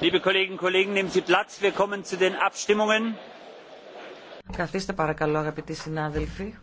Liebe Kolleginnen und Kollegen, nehmen Sie Platz. Wir kommen zu den Abstimmungen. Καθίστε παρακαλώ αγαπητοί συνάδελφοι.